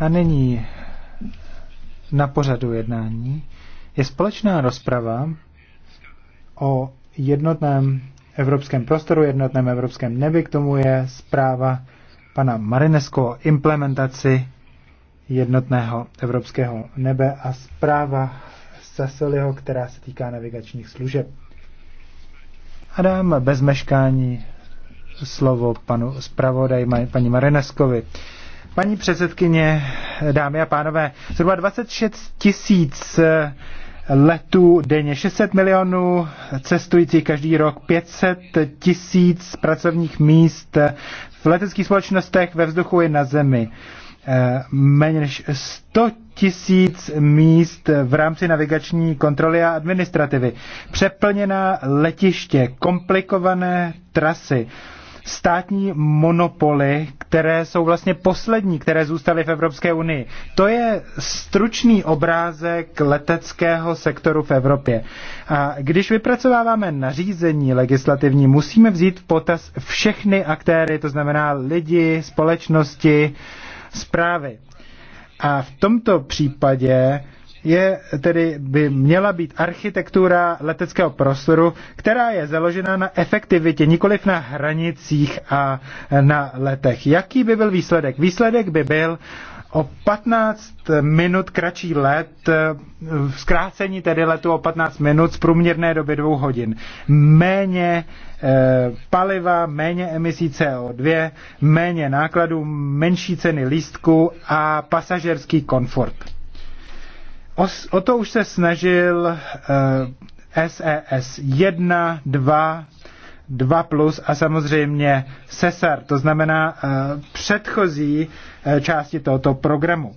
A nyní na pořadu jednání je společná rozprava o jednotném evropském prostoru, jednotném evropském nebi. K tomu je zpráva pana Marinesko o implementaci jednotného evropského nebe a zpráva Sasoliho, která se týká navigačních služeb. A dám bez meškání slovo panu zpravodaj paní Marineskovi. Paní předsedkyně, dámy a pánové, zhruba 26 tisíc eh, letů denně, 600 milionů cestujících každý rok, 500 tisíc pracovních míst eh, v leteckých společnostech ve vzduchu i na zemi. Eh, méně než 100 tisíc míst v rámci navigační kontroly a administrativy. Přeplněná letiště, komplikované trasy státní monopoly, které jsou vlastně poslední, které zůstaly v Evropské unii. To je stručný obrázek leteckého sektoru v Evropě. A když vypracováváme nařízení legislativní, musíme vzít v potaz všechny aktéry, to znamená lidi, společnosti, zprávy. A v tomto případě je tedy by měla být architektura leteckého prostoru, která je založena na efektivitě, nikoliv na hranicích a na letech. Jaký by byl výsledek? Výsledek by byl o 15 minut kratší let, zkrácení tedy letu o 15 minut z průměrné doby dvou hodin. Méně eh, paliva, méně emisí CO2, méně nákladů, menší ceny lístku a pasažerský komfort. O, o to už se snažil uh, SES 1, 2, 2 plus a samozřejmě SESAR, to znamená uh, předchozí uh, části tohoto programu.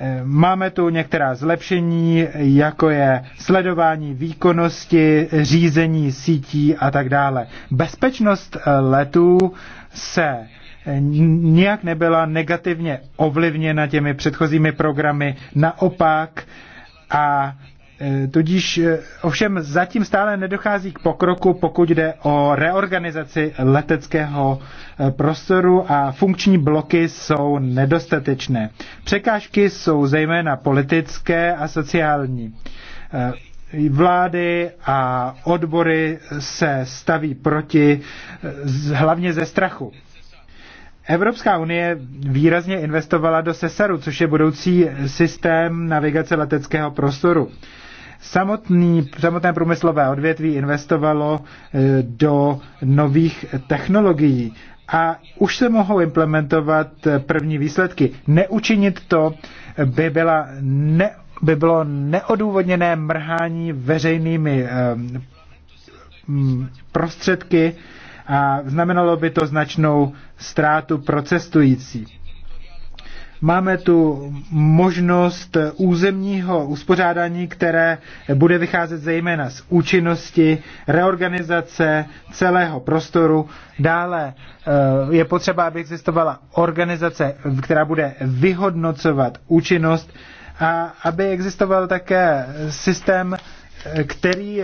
Eh, máme tu některá zlepšení, jako je sledování výkonnosti, řízení sítí a tak dále. Bezpečnost letů se nijak nebyla negativně ovlivněna těmi předchozími programy, naopak a e, Tudíž e, ovšem zatím stále nedochází k pokroku, pokud jde o reorganizaci leteckého e, prostoru a funkční bloky jsou nedostatečné. Překážky jsou zejména politické a sociální. Vlády a odbory se staví proti, hlavně ze strachu. Evropská unie výrazně investovala do SESARu, což je budoucí systém navigace leteckého prostoru. Samotný, samotné průmyslové odvětví investovalo eh, do nových technologií a už se mohou implementovat eh, první výsledky. Neučinit to by, byla ne, by bylo neodůvodněné mrhání veřejnými eh, prostředky a znamenalo by to značnou ztrátu pro cestující. Máme tu možnost územního uspořádání, které bude vycházet zejména z účinnosti, reorganizace celého prostoru. Dále eh, je potřeba, aby existovala organizace, která bude vyhodnocovat účinnost a aby existoval také systém který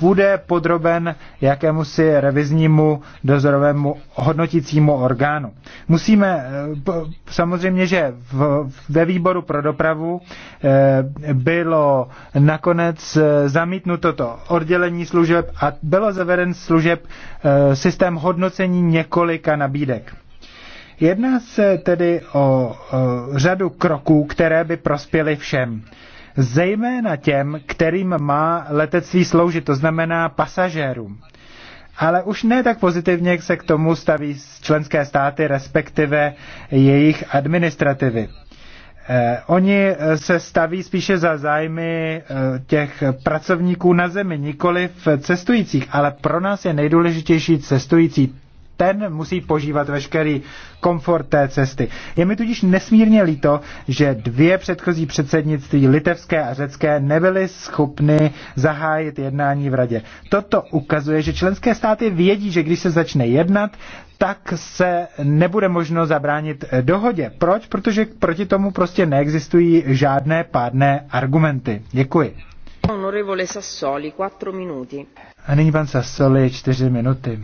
bude podroben jakémusi reviznímu dozorovému hodnotícímu orgánu. Musíme, eh, samozřejmě, že v, ve výboru pro dopravu eh, bylo nakonec eh, zamítnuto to oddělení služeb a bylo zaveden služeb systém hodnocení několika nabídek. Jedná se tedy o řadu kroků, které by prospěly všem zejména těm, kterým má letectví sloužit, to znamená pasažérům. Ale už ne tak pozitivně, jak se k tomu staví členské státy, respektive jejich administrativy. Eh, oni eh, se staví spíše za zájmy eh, těch pracovníků na zemi, nikoli v cestujících, ale pro nás je nejdůležitější cestující ten musí požívat veškerý komfort té cesty. Je mi tudíž nesmírně líto, že dvě předchozí předsednictví, litevské a řecké, nebyly schopny zahájit jednání v radě. Toto ukazuje, že členské státy vědí, že když se začne jednat, tak se nebude možno zabránit dohodě. Proč? Protože proti tomu prostě neexistují žádné pádné argumenty. Děkuji nyní pan Sassoli, čtyři minuty.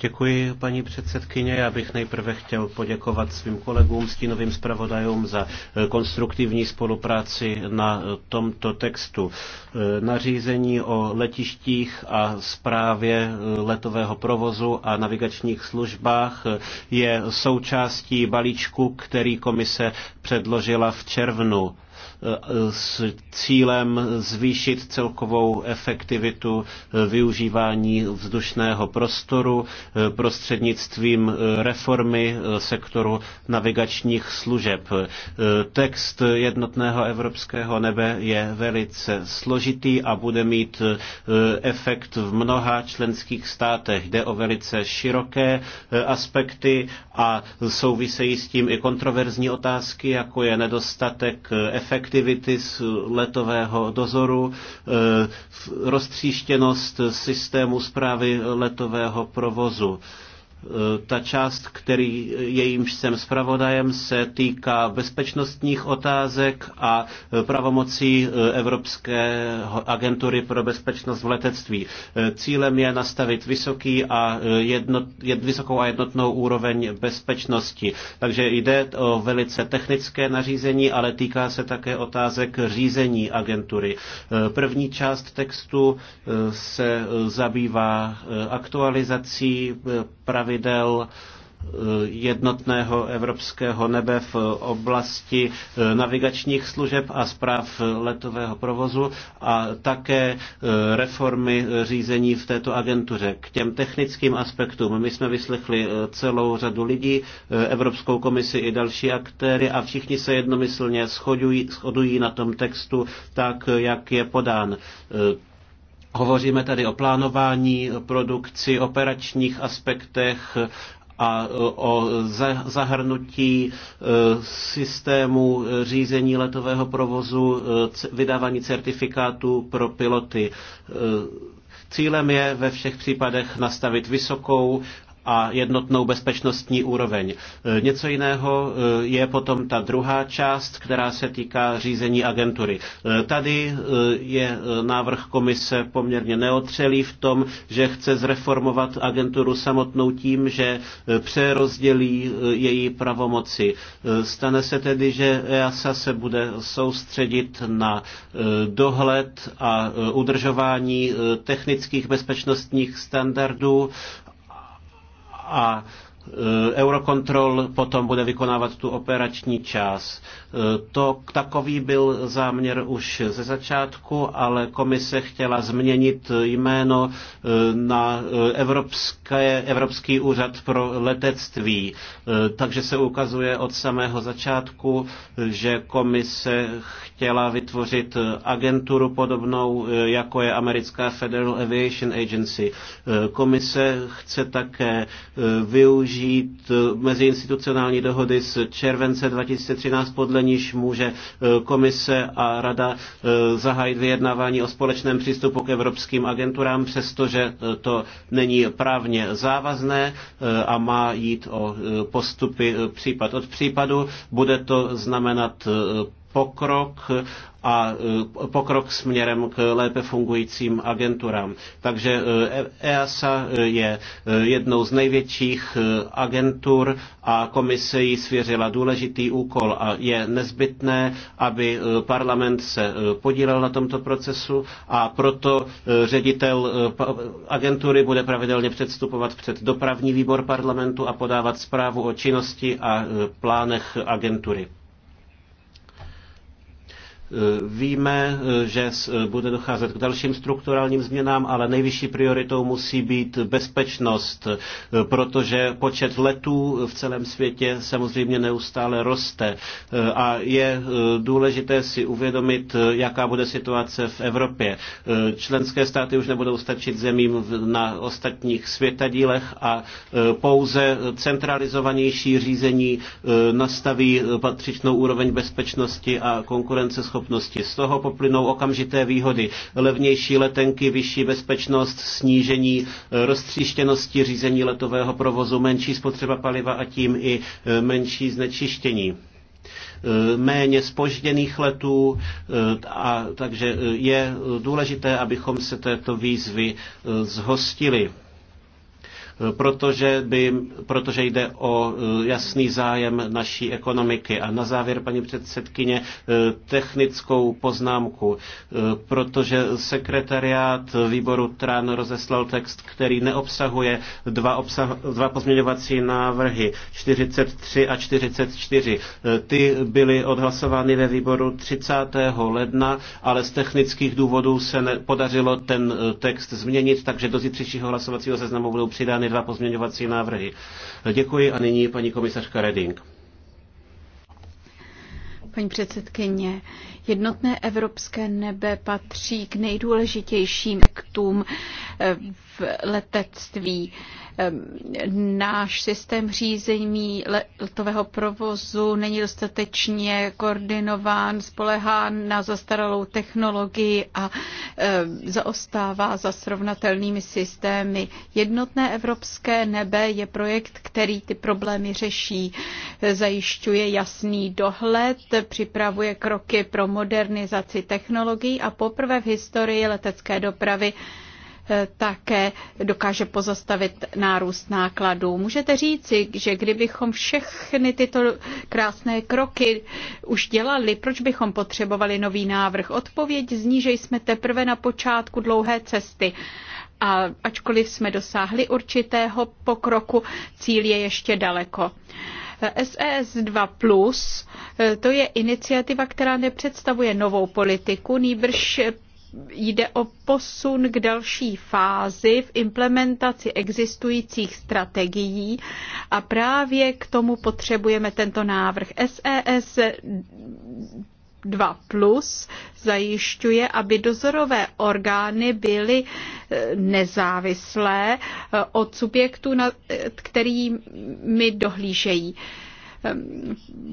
Děkuji, paní předsedkyně. Já bych nejprve chtěl poděkovat svým kolegům, stínovým zpravodajům za eh, konstruktivní spolupráci na eh, tomto textu. Eh, nařízení o letištích a zprávě letového provozu a navigačních službách je součástí balíčku, který komise předložila v červnu s cílem zvýšit celkovou efektivitu eh, využívání vzdušného prostoru eh, prostřednictvím eh, reformy sektoru navigačních služeb. Text jednotného evropského nebe je velice složitý a bude mít efekt v mnoha členských státech. Jde o velice široké aspekty a souvisejí s tím i kontroverzní otázky, jako je nedostatek efektivity efektivity z letového dozoru, e, roztříštěnost systému zprávy letového provozu Eh, ta část, který eh, jejímž jsem zpravodajem, se týká bezpečnostních otázek a eh, pravomocí Evropské agentury pro bezpečnost v letectví. Cílem je nastavit vysoký a jednot, vysokou a jednotnou úroveň bezpečnosti. Takže jde o velice technické nařízení, ale týká se také otázek řízení agentury. První část textu se zabývá aktualizací pravidel pravidel eh, jednotného evropského nebe v oblasti eh, navigačních služeb a zpráv letového provozu a také eh, reformy řízení v této agentuře. K těm technickým aspektům my jsme vyslechli celou řadu lidí, Evropskou komisi i další aktéry a všichni se jednomyslně shodují, shodují na tom textu tak, jak je podán Hovoříme tady o plánování produkci, operačních aspektech a o zahrnutí e, systému e, řízení letového provozu, e, vydávání certifikátů pro piloty. Cílem je ve všech případech nastavit vysokou a jednotnou bezpečnostní úroveň. E, něco jiného e, je potom ta druhá část, která se týká řízení agentury. E, tady je návrh komise poměrně neotřelý v tom, že chce zreformovat agenturu samotnou tím, že přerozdělí její pravomoci. Stane se tedy, že EASA se bude soustředit na dohled a udržování technických bezpečnostních standardů, a Eh, Eurokontrol potom bude vykonávat tu operační část. Eh, to, takový byl záměr už ze začátku, ale komise chtěla změnit jméno eh, na Evropské, Evropský úřad pro letectví. Takže se ukazuje od samého začátku, že komise chtěla vytvořit agenturu podobnou, jako je americká Federal Aviation Agency. Komise chce také využít využít eh, meziinstitucionální dohody z července 2013, podle níž může eh, komise a rada eh, zahájit vyjednávání o společném přístupu k evropským agenturám, přestože to není právně závazné a má jít o postupy případ od případu. Bude to znamenat pokrok a e, pokrok směrem k lépe fungujícím agenturám. Takže EASA e je e, jednou z největších agentur a komise jí svěřila důležitý úkol a je nezbytné, aby parlament se podílel na tomto procesu a proto ředitel agentury bude pravidelně předstupovat před dopravní výbor parlamentu a podávat zprávu o činnosti a plánech agentury. Víme, že bude docházet k dalším strukturálním změnám, ale nejvyšší prioritou musí být bezpečnost, protože počet letů v celém světě samozřejmě neustále roste a je eh, důležité si uvědomit, jaká bude situace v Evropě. Eh, členské státy už nebudou stačit zemím na ostatních světadílech a eh, pouze centralizovanější řízení nastaví patřičnou úroveň bezpečnosti a konkurenceschopnosti dostupnosti. Z toho poplynou okamžité výhody, levnější letenky, vyšší bezpečnost, snížení eh, roztříštěnosti řízení letového provozu, menší spotřeba paliva a tím i eh, menší znečištění eh, méně spožděných letů, a takže je důležité, abychom se této výzvy zhostili. Eh, protože, by, protože jde o eh, jasný zájem naší ekonomiky. A na závěr, paní předsedkyně, eh, technickou poznámku, protože sekretariát výboru TRAN rozeslal text, který neobsahuje dva, obsah, dva pozměňovací návrhy 43 a 44. Ty byly odhlasovány ve výboru 30. ledna, ale z technických důvodů se ne, podařilo ten text změnit, takže do zítřejšího hlasovacího seznamu budou přidány podány dva pozměňovací návrhy. Děkuji a nyní paní komisařka Reding. Paní předsedkyně, jednotné evropské nebe patří k nejdůležitějším aktům eh, v letectví. Náš systém řízení letového provozu není dostatečně koordinován, spolehá na zastaralou technologii a zaostává za srovnatelnými systémy. Jednotné evropské nebe je projekt, který ty problémy řeší. Zajišťuje jasný dohled, připravuje kroky pro modernizaci technologií a poprvé v historii letecké dopravy Eh, také dokáže pozastavit nárůst nákladů. Můžete říci, že kdybychom všechny tyto krásné kroky už dělali, proč bychom potřebovali nový návrh? Odpověď zní, že jsme teprve na počátku dlouhé cesty. A ačkoliv jsme dosáhli určitého pokroku, cíl je ještě daleko. SES eh, 2 e Plus, eh, to je iniciativa, která nepředstavuje novou politiku, nýbrž jde o posun k další fázi v implementaci existujících strategií a právě k tomu potřebujeme tento návrh. SES 2 e plus zajišťuje, aby dozorové orgány byly eh, nezávislé eh, od subjektů, nad eh, kterými dohlížejí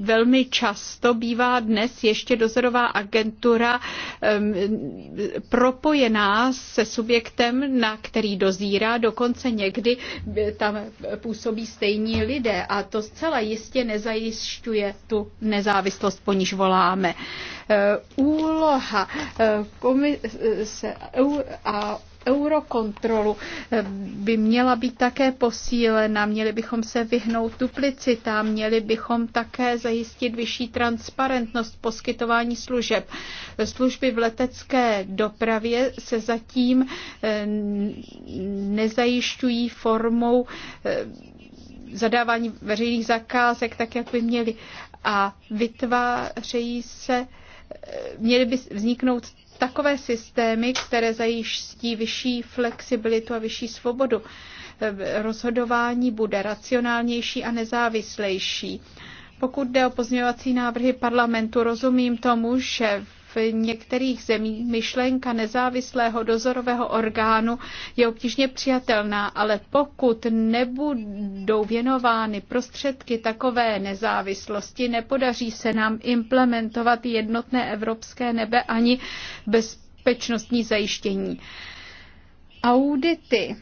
velmi často bývá dnes ještě dozorová agentura propojená se subjektem, na který dozírá, dokonce někdy tam působí stejní lidé a to zcela jistě nezajišťuje tu nezávislost, po níž voláme. Úloha komise a Eurokontrolu eh, by měla být také posílena, měli bychom se vyhnout duplicita, měli bychom také zajistit vyšší transparentnost poskytování služeb. Služby v letecké dopravě se zatím eh, nezajišťují formou eh, zadávání veřejných zakázek, tak jak by měly. A vytvářejí se, měly by vzniknout takové systémy, které zajistí vyšší flexibilitu a vyšší svobodu. Rozhodování bude racionálnější a nezávislejší. Pokud jde o pozměňovací návrhy parlamentu, rozumím tomu, že v některých zemích myšlenka nezávislého dozorového orgánu je obtížně přijatelná, ale pokud nebudou věnovány prostředky takové nezávislosti, nepodaří se nám implementovat jednotné evropské nebe ani bezpečnostní zajištění. Audity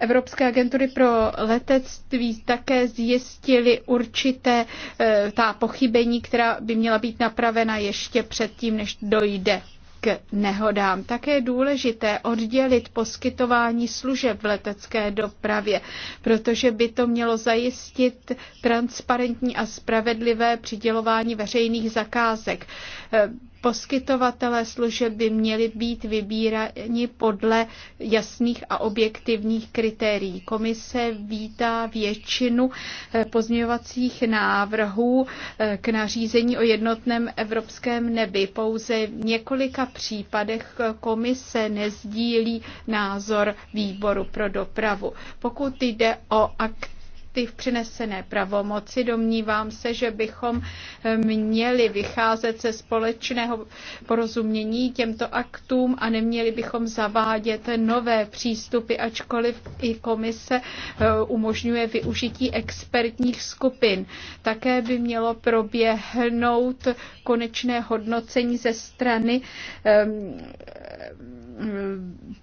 Evropské agentury pro letectví také zjistili určité eh, ta pochybení, která by měla být napravena ještě předtím, než dojde k nehodám. Také je důležité oddělit poskytování služeb v letecké dopravě, protože by to mělo zajistit transparentní a spravedlivé přidělování veřejných zakázek. Eh, Poskytovatelé služeb by měli být vybíráni podle jasných a objektivních kritérií. Komise vítá většinu eh, pozměňovacích návrhů eh, k nařízení o jednotném evropském nebi. Pouze v několika případech komise nezdílí názor výboru pro dopravu. Pokud jde o akt ty přinesené pravomoci. Domnívám se, že bychom eh, měli vycházet ze společného porozumění těmto aktům a neměli bychom zavádět nové přístupy, ačkoliv i komise eh, umožňuje využití expertních skupin. Také by mělo proběhnout konečné hodnocení ze strany eh,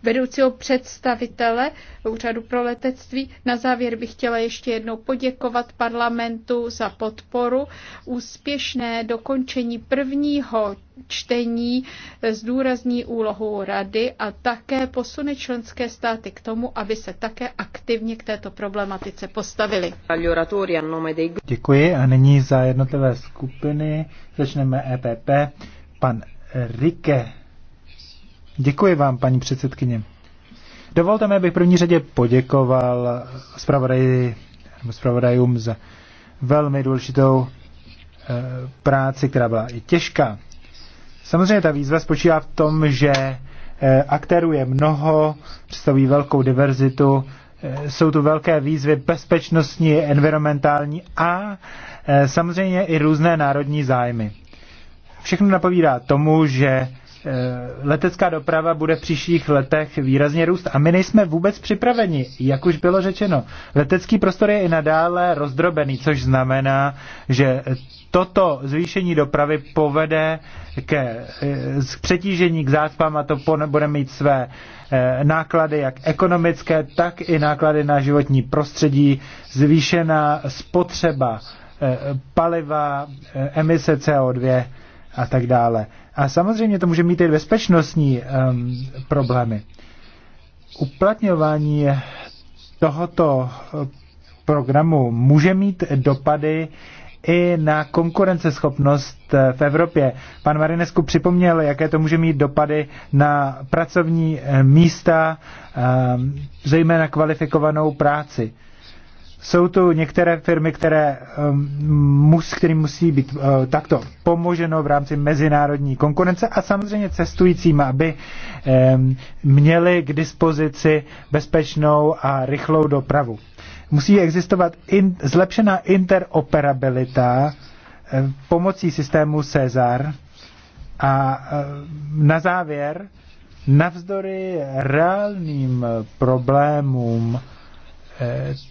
vedoucího představitele Úřadu pro letectví. Na závěr bych chtěla ještě jednou poděkovat parlamentu za podporu. Úspěšné dokončení prvního čtení zdůrazní úlohu rady a také posune členské státy k tomu, aby se také aktivně k této problematice postavili. Děkuji a nyní za jednotlivé skupiny začneme EPP. Pan Rike Děkuji vám, paní předsedkyně. Dovolte mi, abych v první řadě poděkoval zpravodajům za velmi důležitou eh, práci, která byla i těžká. Samozřejmě ta výzva spočívá v tom, že eh, aktérů je mnoho, představují velkou diverzitu, eh, jsou tu velké výzvy bezpečnostní, environmentální a samozřejmě i různé národní zájmy. Všechno napovídá tomu, že Eh, letecká doprava bude v příštích letech výrazně růst a my nejsme vůbec připraveni, jak už bylo řečeno. Letecký prostor je i nadále rozdrobený, což znamená, že toto zvýšení dopravy povede ke eh, k přetížení, k zácpám a to bude mít své eh, náklady jak ekonomické, tak i náklady na životní prostředí, zvýšená spotřeba paliva, emise CO2 a tak dále. A samozřejmě to může mít i bezpečnostní um, problémy. Uplatňování tohoto eh, programu může mít dopady i na konkurenceschopnost eh, v Evropě. Pan Marinesku připomněl, jaké to může mít dopady na pracovní eh, místa, zejména kvalifikovanou práci. Jsou tu některé firmy, které, um, mus, kterým musí být uh, takto pomoženo v rámci mezinárodní konkurence a samozřejmě cestujícím, aby um, měli k dispozici bezpečnou a rychlou dopravu. Musí existovat in, zlepšená interoperabilita eh, pomocí systému Cezar a eh, na závěr, navzdory reálným eh, problémům,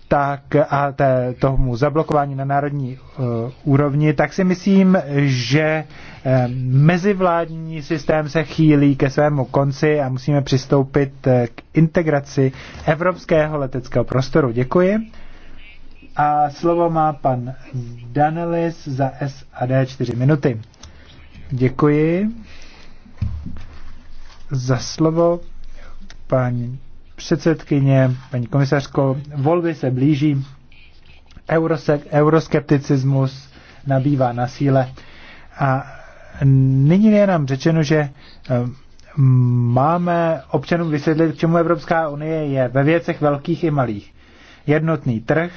tak a té, tomu zablokování na národní uh, úrovni, tak si myslím, že eh, mezivládní systém se chýlí ke svému konci a musíme přistoupit eh, k integraci evropského leteckého prostoru. Děkuji. A slovo má pan Danelis za SAD 4 minuty. Děkuji za slovo, paní předsedkyně, paní komisařko, volby se blíží, Eurosek, euroskepticismus nabývá na síle a nyní je nám řečeno, že eh, máme občanům vysvětlit, k čemu Evropská unie je ve věcech velkých i malých. Jednotný trh,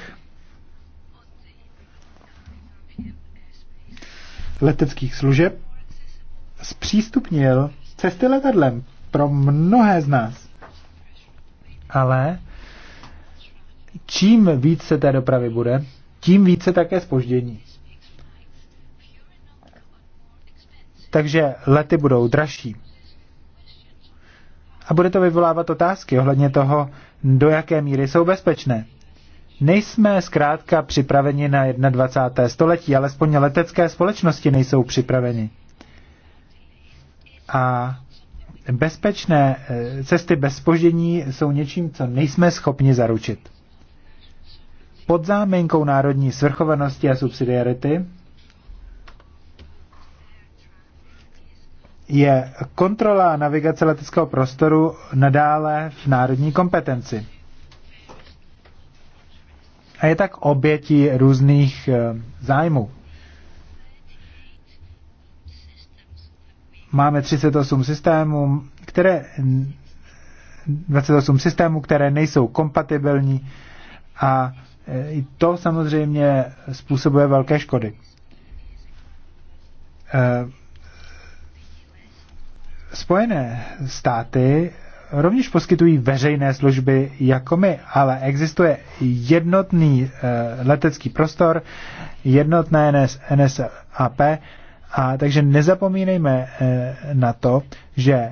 leteckých služeb, zpřístupnil cesty letadlem pro mnohé z nás ale čím více té dopravy bude, tím více také spoždění. Takže lety budou dražší. A bude to vyvolávat otázky ohledně toho, do jaké míry jsou bezpečné. Nejsme zkrátka připraveni na 21. století, alespoň letecké společnosti nejsou připraveni. A bezpečné eh, cesty bez spoždění jsou něčím, co nejsme schopni zaručit. Pod záminkou národní svrchovanosti a subsidiarity je kontrola navigace leteckého prostoru nadále v národní kompetenci. A je tak obětí různých eh, zájmů. Máme 38 systémů, které 28 systémů, které nejsou kompatibilní a e, i to samozřejmě způsobuje velké škody. E, Spojené státy rovněž poskytují veřejné služby jako my, ale existuje jednotný e, letecký prostor, jednotné NSAP a takže nezapomínejme eh, na to, že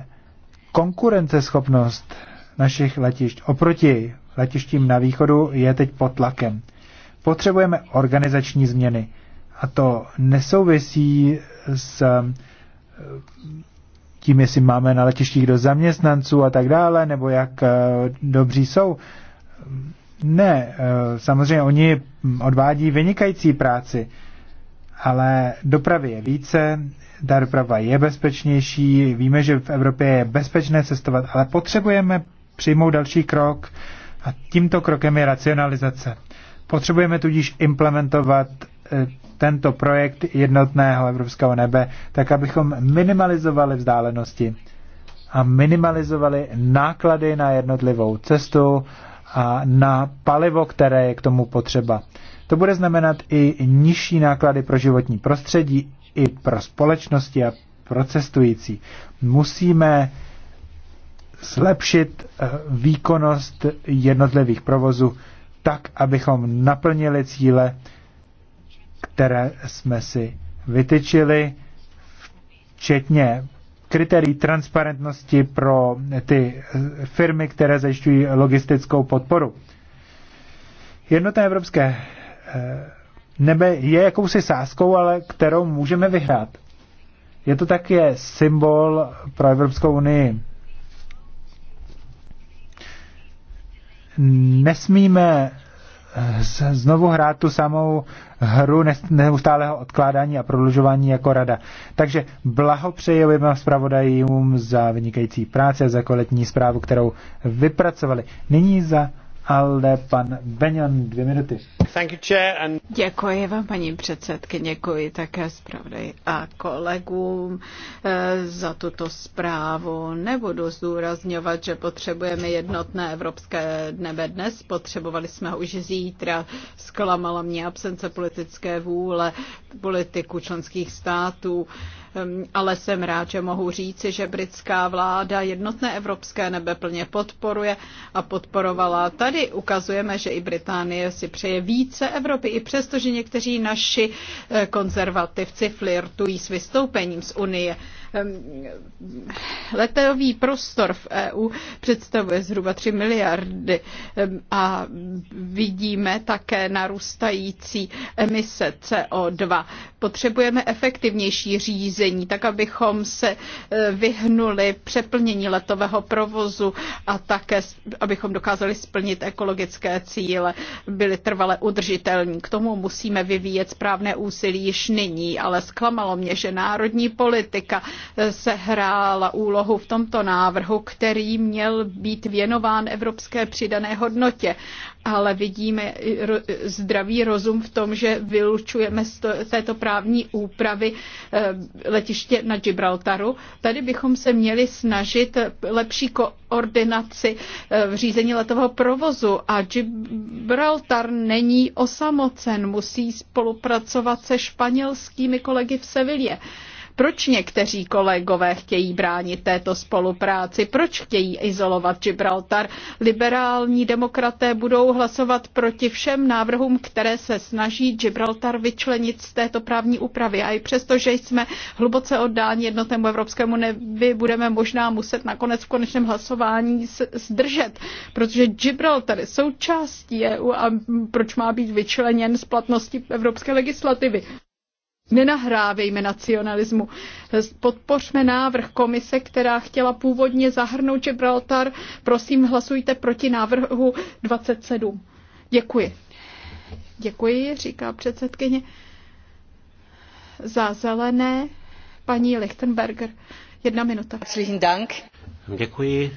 konkurenceschopnost našich letišť oproti letištím na východu je teď pod tlakem. Potřebujeme organizační změny. A to nesouvisí s eh, tím, jestli máme na letištích do zaměstnanců a tak dále, nebo jak eh, dobří jsou. Ne, samozřejmě oni odvádí vynikající práci ale dopravy je více, ta doprava je bezpečnější, víme, že v Evropě je bezpečné cestovat, ale potřebujeme přijmout další krok a tímto krokem je racionalizace. Potřebujeme tudíž implementovat e, tento projekt jednotného evropského nebe, tak abychom minimalizovali vzdálenosti a minimalizovali náklady na jednotlivou cestu a na palivo, které je k tomu potřeba. To bude znamenat i nižší náklady pro životní prostředí, i pro společnosti a pro cestující. Musíme zlepšit eh, výkonnost jednotlivých provozů tak, abychom naplnili cíle, které jsme si vytyčili, včetně kritérií transparentnosti pro ty eh, firmy, které zajišťují logistickou podporu. Jednotné evropské nebe je jakousi sázkou, ale kterou můžeme vyhrát. Je to také symbol pro Evropskou unii. Nesmíme znovu hrát tu samou hru neustálého odkládání a prodlužování jako rada. Takže blahopřeji oběma zpravodajům za vynikající práci a za kvalitní zprávu, kterou vypracovali. Nyní za ale pan Benjan, dvě minuty. Thank you, chair, and... Děkuji vám, paní předsedkyně, děkuji také zpravodaj a kolegům eh, za tuto zprávu. Nebudu zdůrazňovat, že potřebujeme jednotné evropské nebe dnes, potřebovali jsme ho už zítra. Zklamala mě absence politické vůle politiků členských států Ehm, ale jsem rád, že mohu říci, že britská vláda jednotné evropské nebe plně podporuje a podporovala. Tady ukazujeme, že i Británie si přeje více Evropy, i přesto, že někteří naši eh, konzervativci flirtují s vystoupením z Unie. Ehm, Letový prostor v EU představuje zhruba 3 miliardy ehm, a vidíme také narůstající emise CO2. Potřebujeme efektivnější řízení, tak abychom se e, vyhnuli přeplnění letového provozu a také, abychom dokázali splnit ekologické cíle, byly trvale udržitelní. K tomu musíme vyvíjet správné úsilí již nyní, ale zklamalo mě, že národní politika sehrála úlohu v tomto návrhu, který měl být věnován evropské přidané hodnotě. Ale vidíme zdravý rozum v tom, že vylučujeme z této právní úpravy eh, letiště na Gibraltaru. Tady bychom se měli snažit lepší koordinaci eh, v řízení letového provozu a Gibraltar není osamocen, musí spolupracovat se španělskými kolegy v Sevilě. Proč někteří kolegové chtějí bránit této spolupráci? Proč chtějí izolovat Gibraltar? Liberální demokraté budou hlasovat proti všem návrhům, které se snaží Gibraltar vyčlenit z této právní úpravy. A i přesto, že jsme hluboce oddáni jednotnému evropskému nevy, budeme možná muset nakonec v konečném hlasování zdržet, protože Gibraltar je součástí EU a proč má být vyčleněn z platnosti evropské legislativy? nenahrávejme nacionalismu. Podpořme návrh komise, která chtěla původně zahrnout Gibraltar. Prosím, hlasujte proti návrhu 27. Děkuji. Děkuji, říká předsedkyně. Za zelené paní Lichtenberger. Jedna minuta. Děkuji.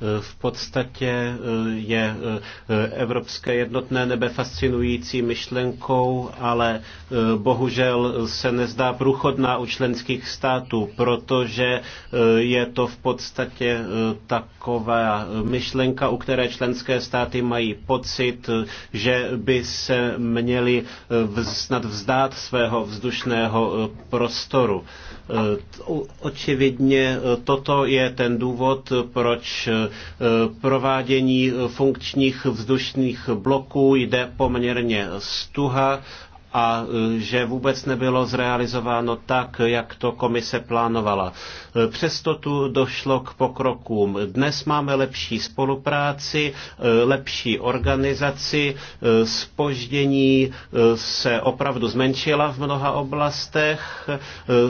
Eh, v podstatě eh, je eh, evropské jednotné nebe fascinující myšlenkou, ale bohužel se nezdá průchodná u členských států, protože je to v podstatě taková myšlenka, u které členské státy mají pocit, že by se měli snad vzdát svého vzdušného prostoru. Očividně toto je ten důvod, proč Eh, provádění funkčních vzdušných bloků jde poměrně stuha a eh, že vůbec nebylo zrealizováno tak, jak to komise plánovala. Přesto tu došlo k pokrokům. Dnes máme lepší spolupráci, e, lepší organizaci, spoždění e, e, se opravdu zmenšila v mnoha oblastech,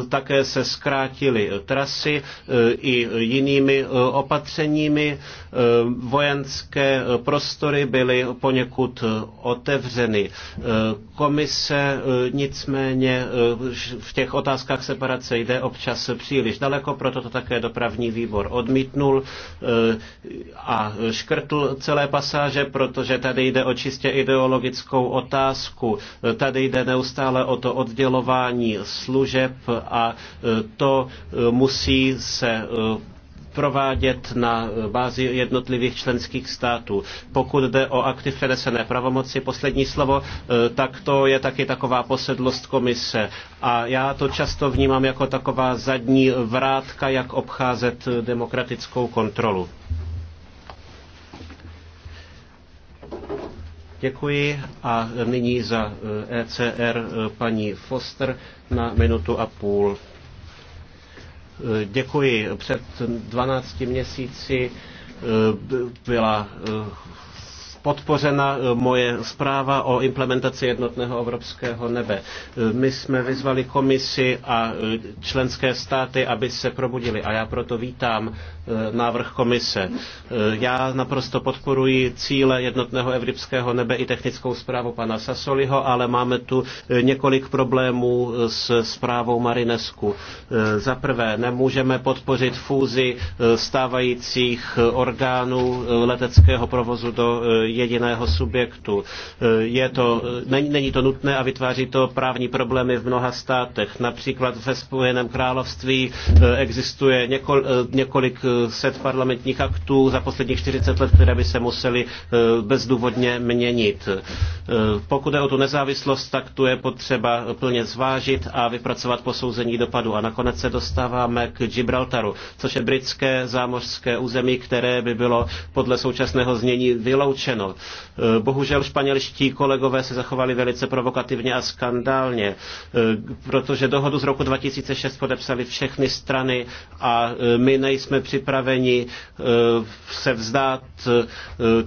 také se zkrátily trasy i jinými opatřeními. Vojenské prostory byly poněkud otevřeny. Komise nicméně v těch otázkách separace jde občas příliš daleko, proto to také dopravní výbor odmítnul eh, a škrtl celé pasáže, protože tady jde o čistě ideologickou otázku. Tady jde neustále o to oddělování služeb a eh, to eh, musí se provádět na bázi jednotlivých členských států. Pokud jde o akty přenesené pravomoci, poslední slovo, eh, tak to je taky taková posedlost komise. A já to často vnímám jako taková zadní vrátka, jak obcházet eh, demokratickou kontrolu. Děkuji a nyní za ECR eh, e paní Foster na minutu a půl. Eh, děkuji. Před 12 měsíci eh, byla eh, podpořena e, moje zpráva o implementaci jednotného evropského nebe. E, my jsme vyzvali komisi a e, členské státy, aby se probudili a já proto vítám návrh komise. Já naprosto podporuji cíle jednotného evropského nebe i technickou zprávu pana Sasoliho, ale máme tu několik problémů s zprávou Marinesku. Za prvé, nemůžeme podpořit fúzi stávajících orgánů leteckého provozu do jediného subjektu. Eh, je to, eh, není, není to nutné a vytváří to právní problémy v mnoha státech. Například ve Spojeném království eh, existuje několik, několik set parlamentních aktů za posledních 40 let, které by se museli bezdůvodně měnit. Pokud je o tu nezávislost, tak tu je potřeba plně zvážit a vypracovat posouzení dopadu. A nakonec se dostáváme k Gibraltaru, což je britské zámořské území, které by bylo podle současného znění vyloučeno změnil. Eh, bohužel španělští kolegové se zachovali velice provokativně a skandálně, eh, protože dohodu z roku 2006 podepsali všechny strany a eh, my nejsme připraveni se vzdát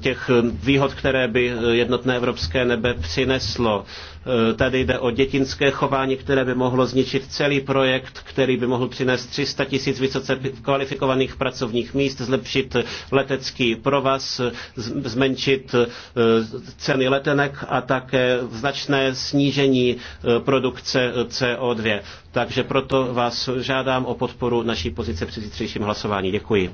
těch výhod, které by jednotné evropské nebe přineslo. Eh, tady jde o dětinské chování, které by mohlo zničit celý projekt, který by mohl přinést 300 tisíc vysoce kvalifikovaných pracovních míst, zlepšit letecký provaz, zmenšit eh, ceny letenek a také značné snížení eh, produkce CO2. Takže proto vás žádám o podporu naší pozice při zítřejším hlasování. Děkuji.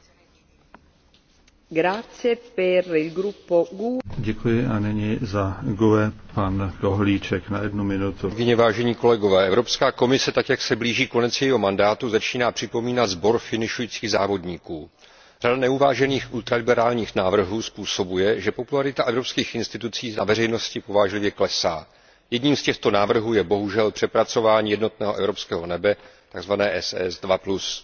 Děkuji a nyní za GUE pan Kohlíček na jednu minutu. Vážení kolegové, Evropská komise, tak jak se blíží konec jejího mandátu, začíná připomínat sbor finišujících závodníků. Řada neuvážených ultraliberálních návrhů způsobuje, že popularita evropských institucí na veřejnosti povážlivě klesá. Jedním z těchto návrhů je bohužel přepracování jednotného evropského nebe, takzvané SES 2+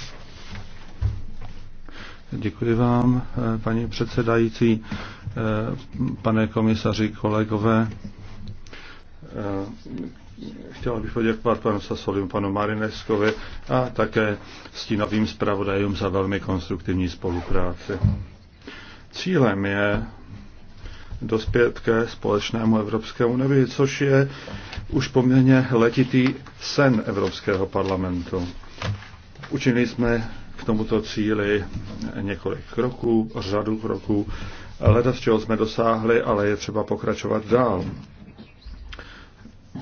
Děkuji vám, paní předsedající, pane komisaři, kolegové. Chtěl bych poděkovat panu Sasolimu, panu Marineskovi a také stínovým zpravodajům za velmi konstruktivní spolupráci. Cílem je dospět ke společnému Evropskému nebi, což je už poměrně letitý sen Evropského parlamentu. Učinili jsme k tomuto cíli několik kroků, řadu kroků. Leda, z čeho jsme dosáhli, ale je třeba pokračovat dál.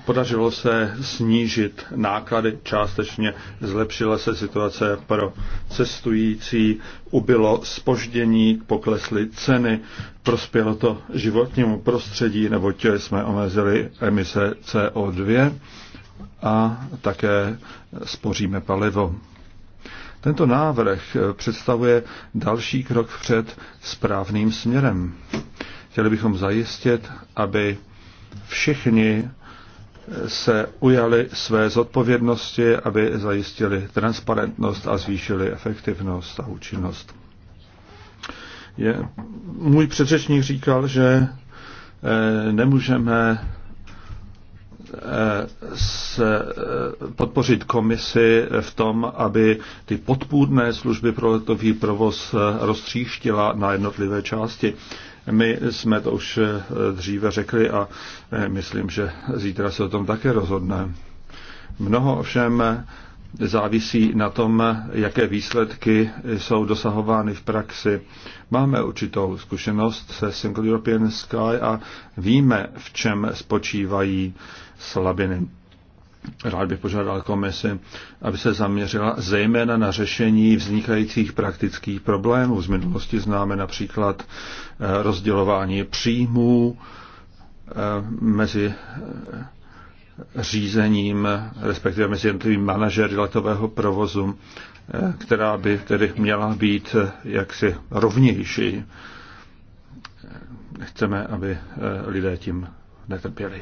Podařilo se snížit náklady částečně, zlepšila se situace pro cestující, ubylo spoždění, poklesly ceny, prospělo to životnímu prostředí, tě jsme omezili emise CO2 a také spoříme palivo. Tento návrh eh, představuje další krok před správným směrem. Chtěli bychom zajistit, aby všichni eh, se ujali své zodpovědnosti, aby zajistili transparentnost a zvýšili efektivnost a účinnost. Je, můj předřečník říkal, že eh, nemůžeme s, eh, podpořit komisi v tom, aby ty podpůrné služby pro letový provoz eh, roztříštila na jednotlivé části. My jsme to už eh, dříve řekli a myslím, že zítra se o tom také rozhodne. Mnoho ovšem závisí na tom, jaké výsledky jsou dosahovány v praxi. Máme určitou zkušenost se Single European Sky a víme, v čem spočívají uh, slabiny. Rád bych požádal komisi, aby se zaměřila zejména na řešení vznikajících praktických problémů. Z minulosti známe například eh, rozdělování příjmů eh, mezi eh, řízením, respektive mezi jednotlivými manažery letového provozu, která by tedy měla být jaksi rovnější. Chceme, aby lidé tím netrpěli.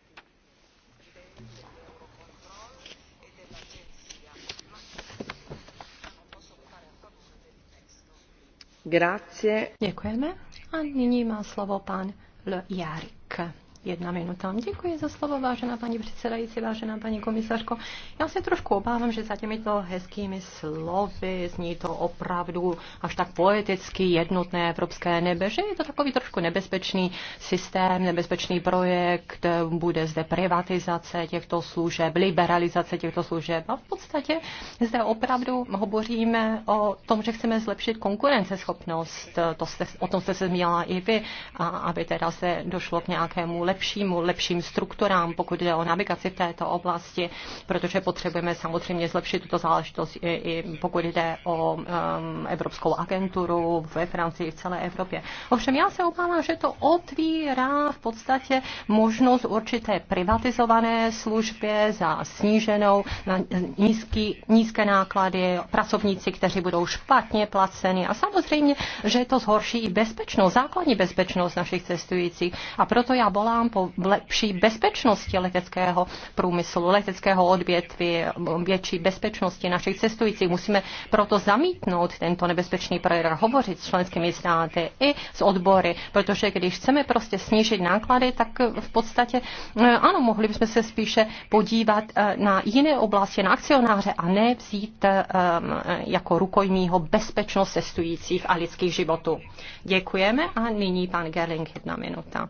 Grazie. Děkujeme. A nyní má slovo pan Le Jari. Jedna minuta. Děkuji za slovo, vážená paní předsedající, vážená paní komisařko. Já se trošku obávám, že za těmito hezkými slovy zní to opravdu až tak poeticky jednotné evropské nebe, že je to takový trošku nebezpečný systém, nebezpečný projekt, bude zde privatizace těchto služeb, liberalizace těchto služeb a v podstatě zde opravdu hovoříme o tom, že chceme zlepšit konkurenceschopnost, to jste, o tom jste se zmínila i vy, a aby teda se došlo k nějakému lepšímu, lepším strukturám, pokud jde o navigaci v této oblasti, protože potřebujeme samozřejmě zlepšit tuto záležitost, i, i pokud jde o um, Evropskou agenturu ve Francii, v celé Evropě. Ovšem já se obávám, že to otvírá v podstatě možnost určité privatizované službě za sníženou, na nízký, nízké náklady, pracovníci, kteří budou špatně placeni a samozřejmě, že to zhorší i bezpečnost, základní bezpečnost našich cestujících. A proto já volám snahám po lepší bezpečnosti leteckého průmyslu, leteckého odvětví, větší bezpečnosti našich cestujících. Musíme proto zamítnout tento nebezpečný projekt, hovořit s členskými státy i s odbory, protože když chceme prostě snížit náklady, tak v podstatě eh, ano, mohli bychom se spíše podívat eh, na jiné oblasti, na akcionáře a ne vzít eh, jako rukojmího bezpečnost cestujících a lidských životů. Děkujeme a nyní pan Gerling jedna minuta.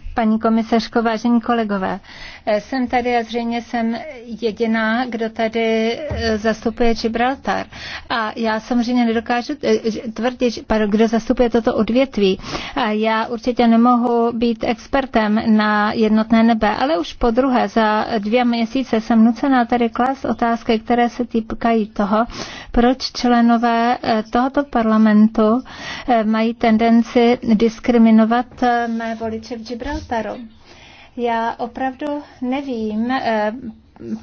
paní komisařko, vážení kolegové. Eh, jsem tady a zřejmě jsem jediná, kdo tady eh, zastupuje Gibraltar. A já samozřejmě nedokážu eh, tvrdit, kdo zastupuje toto odvětví. A já určitě nemohu být expertem na jednotné nebe, ale už po druhé za dvě měsíce jsem nucená tady klást otázky, které se týkají toho, proč členové tohoto parlamentu mají tendenci diskriminovat mé voliče v Gibraltar. Gibraltaru. Já opravdu nevím, eh,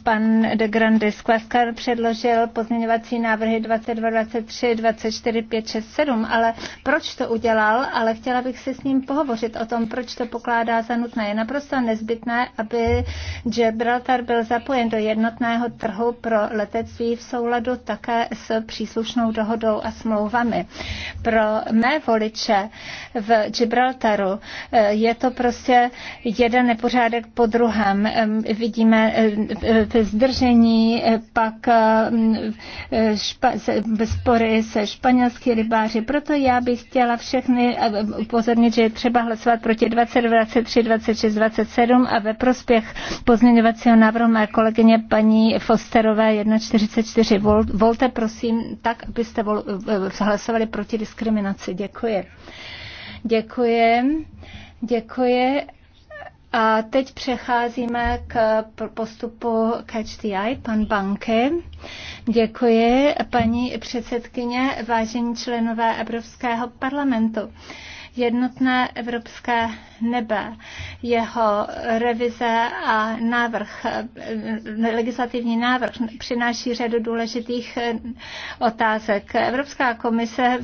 pan de Grandis Klaskar předložil pozměňovací návrhy 22, 23, 24, 5, 6, 7, ale proč to udělal, ale chtěla bych si s ním pohovořit o tom, proč to pokládá za nutné. Je naprosto nezbytné, aby Gibraltar byl zapojen do jednotného trhu pro letectví v souladu také s příslušnou dohodou a smlouvami. Pro mé voliče v Gibraltaru eh, je to prostě jeden nepořádek po druhém. Vidíme eh, Eh, zdržení, eh, pak eh, mm, špa, spory se španělskými rybáři. Proto já bych chtěla všechny upozornit, že je třeba hlasovat proti 20, 23, 26, 27 a ve prospěch pozměňovacího návrhu mé kolegyně paní Fosterové 144. Vol, volte prosím tak, abyste vol, hlasovali proti diskriminaci. Děkuji. Děkuji. Děkuji a teď přecházíme k postupu Catch the Eye, pan Banky. Děkuji, paní předsedkyně, vážení členové Evropského parlamentu jednotné evropské nebe. Jeho revize a návrh, legislativní návrh přináší řadu důležitých otázek. Evropská komise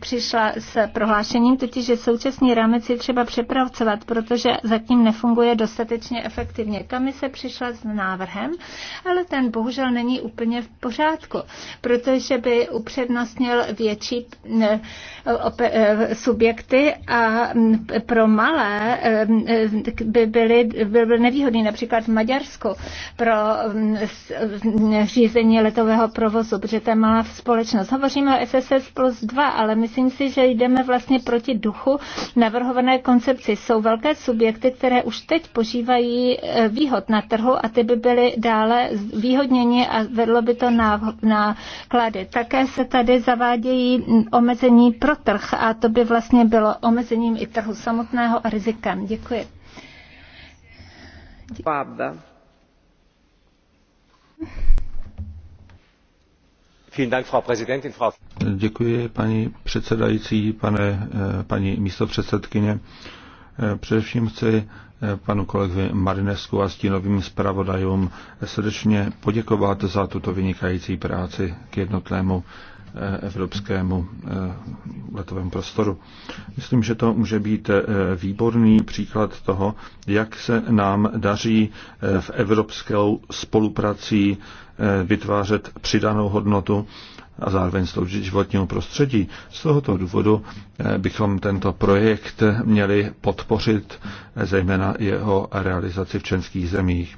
přišla s prohlášením, totiž, že současný rámec je třeba přepracovat, protože zatím nefunguje dostatečně efektivně. Komise přišla s návrhem, ale ten bohužel není úplně v pořádku, protože by upřednostnil větší eh, subjekty a pro malé by byly, by byly nevýhodný, například v Maďarsku, pro řízení letového provozu, protože to je malá společnost. Hovoříme o SSS plus 2, ale myslím si, že jdeme vlastně proti duchu navrhované koncepci. Jsou velké subjekty, které už teď požívají e, výhod na trhu a ty by byly dále výhodněni a vedlo by to na klady. Také se tady zavádějí omezení pro trh a to by vlastně bylo omezením i trhu samotného a rizikem. Děkuji. Děkuji. Děkuji, paní předsedající, pane, eh, paní místopředsedkyně. Eh, především chci eh, panu kolegovi Marinesku a stínovým zpravodajům srdečně poděkovat za tuto vynikající práci k jednotnému evropskému eh, letovému prostoru. Myslím, že to může být eh, výborný příklad toho, jak se nám daří eh, v evropskou spoluprací vytvářet přidanou hodnotu a zároveň sloužit životnímu prostředí. Z tohoto důvodu bychom tento projekt měli podpořit, zejména jeho realizaci v členských zemích.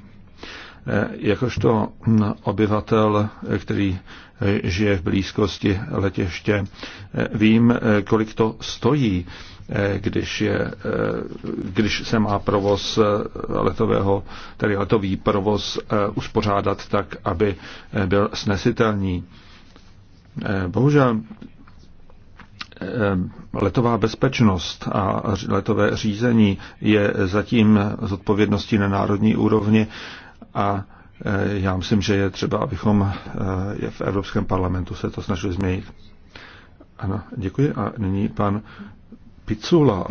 Eh, jakožto hm, obyvatel, eh, který eh, žije v blízkosti letiště, vím, kolik to stojí, když, je, když se má provoz letového, tedy letový provoz uspořádat tak, aby byl snesitelný. Bohužel letová bezpečnost a letové řízení je zatím zodpovědností na národní úrovni a e, já myslím, že je třeba, abychom e, je v Evropském parlamentu se to snažili změnit. Ano, děkuji. A nyní pan Picula.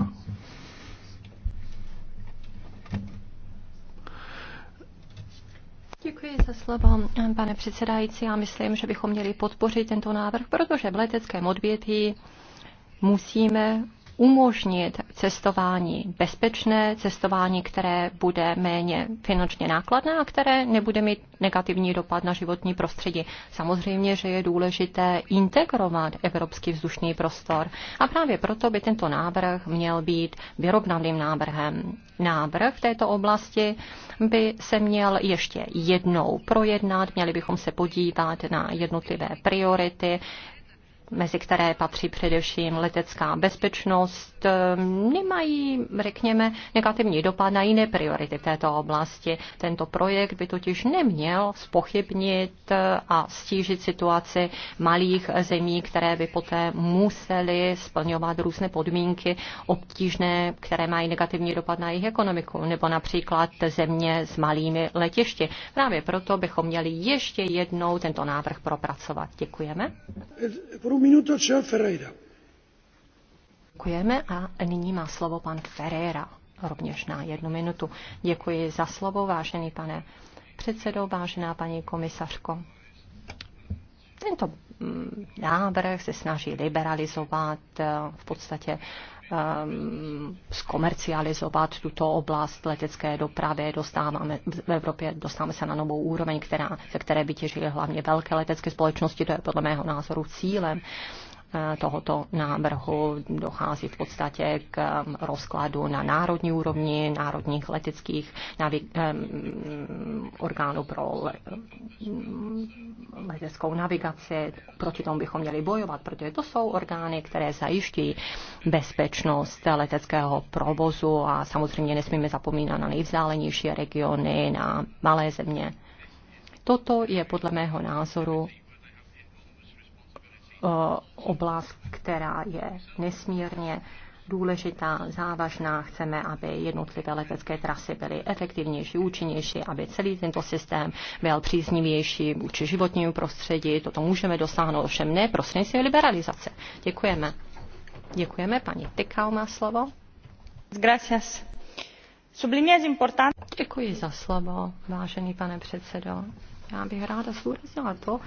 Děkuji za slovo, pane předsedající. Já myslím, že bychom měli podpořit tento návrh, protože v leteckém odvětví musíme umožnit cestování bezpečné, cestování, které bude méně finančně nákladné a které nebude mít negativní dopad na životní prostředí. Samozřejmě, že je důležité integrovat evropský vzdušný prostor a právě proto by tento návrh měl být vyrovnaným návrhem. Návrh v této oblasti by se měl ještě jednou projednat, měli bychom se podívat na jednotlivé priority, mezi které patří především letecká bezpečnost, Hm, nemají, řekněme, negativní dopad na jiné priority v této oblasti. Tento projekt by totiž neměl spochybnit eh, a stížit situaci malých zemí, které by poté museli splňovat různé podmínky obtížné, které mají negativní dopad na jejich ekonomiku, nebo například země s malými letišti. Právě proto bychom měli ještě jednou tento návrh propracovat. Děkujeme. Pro minuto, Ferreira. Děkujeme a nyní má slovo pan Ferreira, rovněž na jednu minutu. Děkuji za slovo, vážený pane předsedo, vážená paní komisařko. Tento mm, návrh se snaží liberalizovat v podstatě zkomercializovat ehm, tuto oblast letecké dopravy. Dostáváme v Evropě dostáváme se na novou úroveň, která, ze které by těžily hlavně velké letecké společnosti. To je podle mého názoru cílem tohoto návrhu dochází v podstatě k um, rozkladu na národní úrovni, národních leteckých navig- um, orgánů pro um, leteckou navigaci. Proti tomu bychom měli bojovat, protože to jsou orgány, které zajišťují bezpečnost leteckého provozu a samozřejmě nesmíme zapomínat na nejvzdálenější regiony, na malé země. Toto je podle mého názoru Eh, oblast, která je nesmírně důležitá, závažná. Chceme, aby jednotlivé letecké trasy byly efektivnější, účinnější, aby celý tento systém byl příznivější vůči životnímu prostředí. Toto můžeme dosáhnout, ovšem ne prostřednictvím liberalizace. Děkujeme. Děkujeme. Paní Tykal má slovo. Gracias. Děkuji za slovo, vážený pane předsedo. Já bych ráda zúraznila to,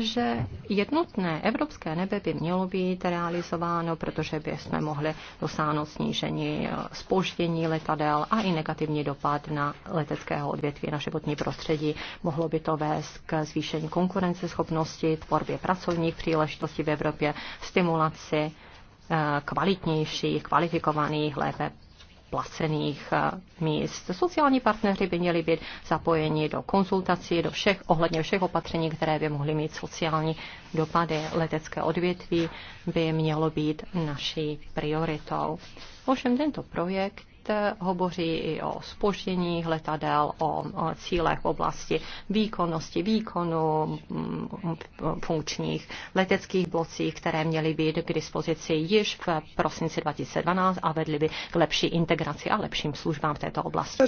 že jednotné evropské nebe by mělo být realizováno, protože by jsme mohli dosáhnout snížení spoždění eh, letadel a i negativní dopad na leteckého odvětví na životní prostředí. Mohlo by to vést k zvýšení konkurenceschopnosti, tvorbě pracovních příležitostí v Evropě, stimulaci eh, kvalitnějších, kvalifikovaných, lépe placených eh, míst. Sociální partneři by měli být zapojeni do konzultací, do všech, ohledně všech opatření, které by mohly mít sociální dopady. Letecké odvětví by mělo být naší prioritou. Ovšem tento projekt hovoří i o spožděních letadel, o cílech v oblasti výkonnosti, výkonu mm, mm, funkčních leteckých blocích, které měly být k dispozici již v prosinci 2012 a vedly by k lepší integraci a lepším službám v této oblasti.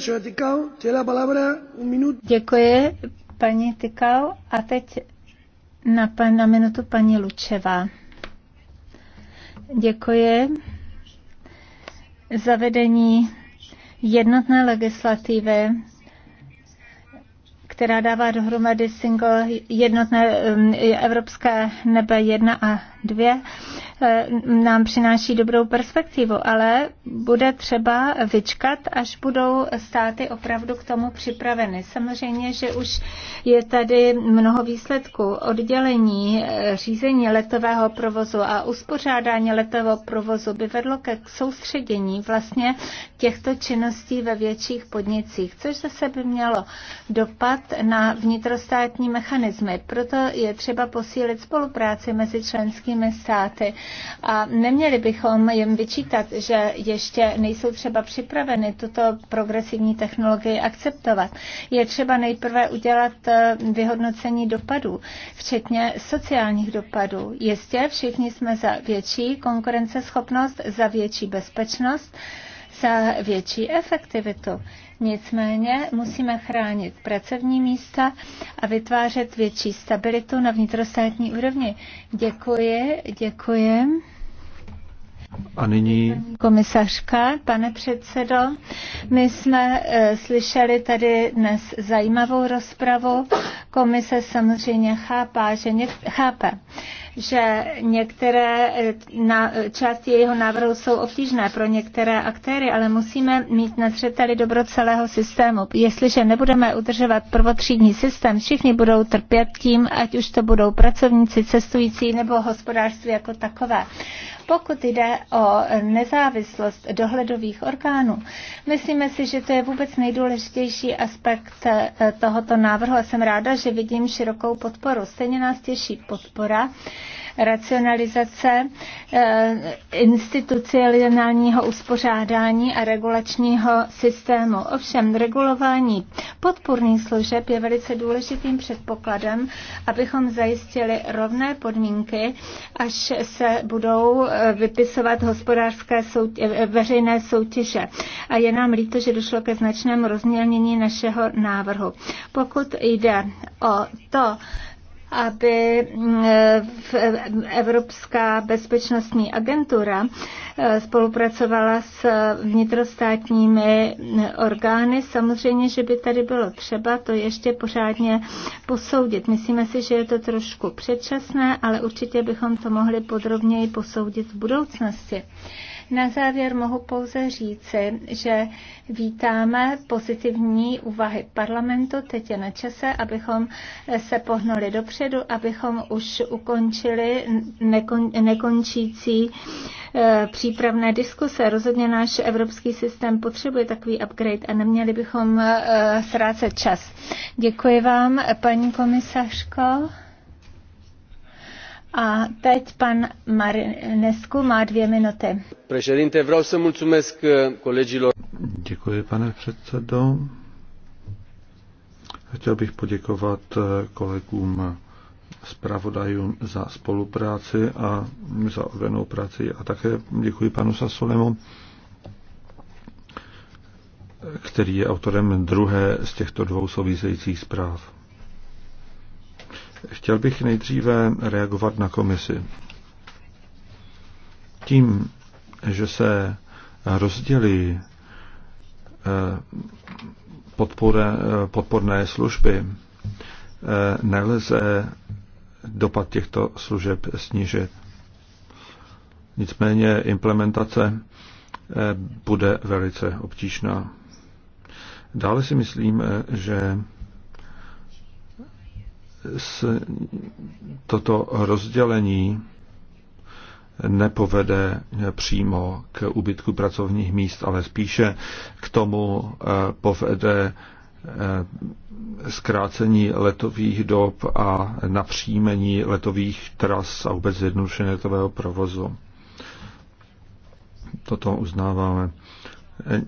Děkuji, paní Tykal. A teď na, na minutu paní Lučeva. Děkuji zavedení jednotné legislativy která dává dohromady single jednotné um, evropské nebe 1 a dvě eh, nám přináší dobrou perspektivu, ale bude třeba vyčkat, až budou státy opravdu k tomu připraveny. Samozřejmě, že už je tady mnoho výsledků oddělení eh, řízení letového provozu a uspořádání letového provozu by vedlo ke soustředění vlastně těchto činností ve větších podnicích, což zase by mělo dopad na vnitrostátní mechanismy. Proto je třeba posílit spolupráci mezi členskými členskými státy a neměli bychom jim vyčítat, že ještě nejsou třeba připraveny tuto progresivní technologii akceptovat. Je třeba nejprve udělat eh, vyhodnocení dopadů, včetně sociálních dopadů. Jistě všichni jsme za větší konkurenceschopnost, za větší bezpečnost, za větší efektivitu. Nicméně musíme chránit pracovní místa a vytvářet větší stabilitu na vnitrostátní úrovni. Děkuji, děkuji. A nyní... Komisařka, pane předsedo, my jsme eh, slyšeli tady dnes zajímavou rozpravu. Komise samozřejmě chápá, že něk- chápe, že některé eh, na, části jeho návrhu jsou obtížné pro některé aktéry, ale musíme mít na zřeteli dobro celého systému. Jestliže nebudeme udržovat prvotřídní systém, všichni budou trpět tím, ať už to budou pracovníci, cestující nebo hospodářství jako takové. Pokud jde o nezávislost dohledových orgánů, myslíme si, že to je vůbec nejdůležitější aspekt eh, tohoto návrhu a jsem ráda, že vidím širokou podporu. Stejně nás těší podpora racionalizace eh, institucionálního uspořádání a regulačního systému. Ovšem regulování podpůrných služeb je velice důležitým předpokladem, abychom zajistili rovné podmínky, až se budou eh, vypisovat hospodářské soutě- eh, veřejné soutěže. A je nám líto, že došlo ke značnému rozmělnění našeho návrhu. Pokud jde o to, aby eh, Evropská bezpečnostní agentura eh, spolupracovala s vnitrostátními orgány. Samozřejmě, že by tady bylo třeba to ještě pořádně posoudit. Myslíme si, že je to trošku předčasné, ale určitě bychom to mohli podrobněji posoudit v budoucnosti. Na závěr mohu pouze říci, že vítáme pozitivní úvahy parlamentu. Teď je na čase, abychom se pohnuli dopředu, abychom už ukončili nekon, nekončící eh, přípravné diskuse. Rozhodně náš evropský systém potřebuje takový upgrade a neměli bychom srácet eh, čas. Děkuji vám, paní komisařko. A teď pan Marinescu má dvě minuty. Președinte, vreau să mulțumesc uh, colegilor. Děkuji, pane předsedo. Chtěl bych poděkovat uh, kolegům zpravodajům za spolupráci a za odvenou práci a také děkuji panu Sasolemu, který je autorem druhé z těchto dvou souvisejících zpráv. Chtěl bych nejdříve reagovat na komisi. Tím, že se rozdělí eh, eh, podporné služby, eh, nelze dopad těchto služeb snížit. Nicméně implementace bude velice obtížná. Dále si myslím, že s, toto rozdělení nepovede přímo k ubytku pracovních míst, ale spíše k tomu eh, povede eh, zkrácení letových dob a napříjmení letových tras a vůbec zjednodušení letového provozu. Toto uznáváme.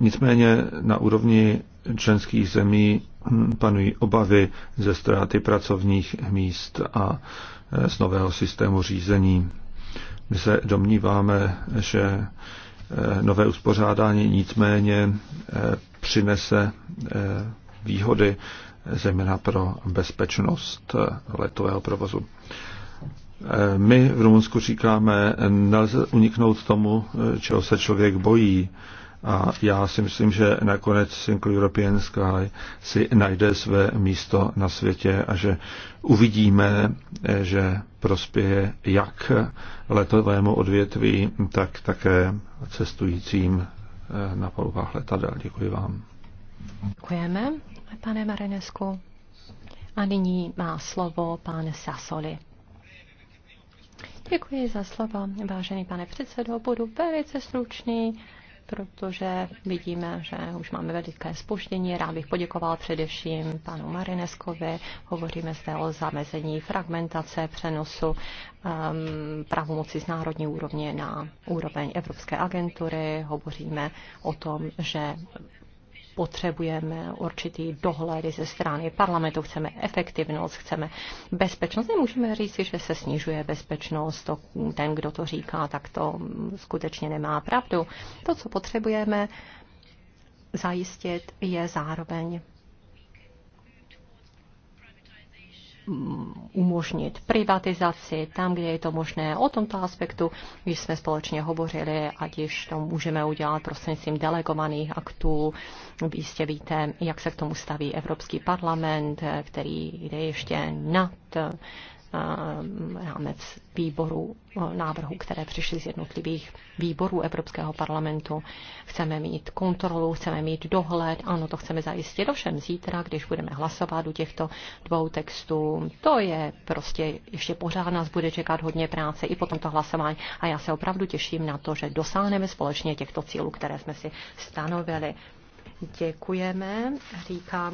Nicméně na úrovni členských zemí Hm, panují obavy ze ztráty pracovních míst a e, z nového systému řízení. My se domníváme, že e, nové uspořádání nicméně e, přinese výhody, zejména pro bezpečnost letového provozu. My v Rumunsku říkáme, nelze uniknout tomu, čeho se člověk bojí. A já si myslím, že nakonec Single European Sky si najde své místo na světě a že uvidíme, eh, že prospěje jak letovému odvětví, tak také cestujícím eh, na palubách letadel. Děkuji vám. Děkujeme, pane Marinesku. A nyní má slovo pane Sasoli. Děkuji za slovo, vážený pane předsedo. Budu velice stručný protože vidíme, že už máme veliké spuštění. Rád bych poděkoval především panu Marineskovi. Hovoříme zde o zamezení fragmentace přenosu um, pravomoci z národní úrovně na úroveň Evropské agentury. Hovoříme o tom, že potřebujeme určitý dohled ze strany parlamentu, chceme efektivnost, chceme bezpečnost. Nemůžeme říct, že se snižuje bezpečnost, to, ten, kdo to říká, tak to skutečně nemá pravdu. To, co potřebujeme zajistit, je zároveň Mm, umožnit privatizaci tam, kde je to možné. O tomto aspektu když jsme společně hovořili, ať již to můžeme udělat prostřednictvím delegovaných aktů. Vy jistě víte, jak se k tomu staví Evropský parlament, který jde ještě nad Eh, rámec výboru eh, návrhu, které přišly z jednotlivých výborů Evropského parlamentu. Chceme mít kontrolu, chceme mít dohled, ano, to chceme zajistit. Ovšem zítra, když budeme hlasovat u těchto dvou textů, to je prostě ještě pořád nás bude čekat hodně práce i po tomto hlasování a já se opravdu těším na to, že dosáhneme společně těchto cílů, které jsme si stanovili. Děkujeme, říká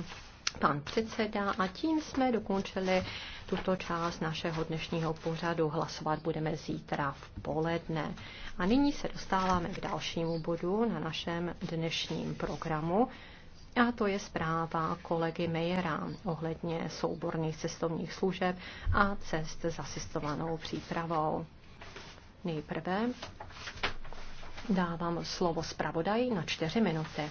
pan předseda a tím jsme dokončili tuto část našeho dnešního pořadu. Hlasovat budeme zítra v poledne. A nyní se dostáváme k dalšímu bodu na našem dnešním programu. A to je zpráva kolegy Mejera ohledně souborných cestovních služeb a cest s asistovanou přípravou. Nejprve dávám slovo zpravodaji na čtyři minuty.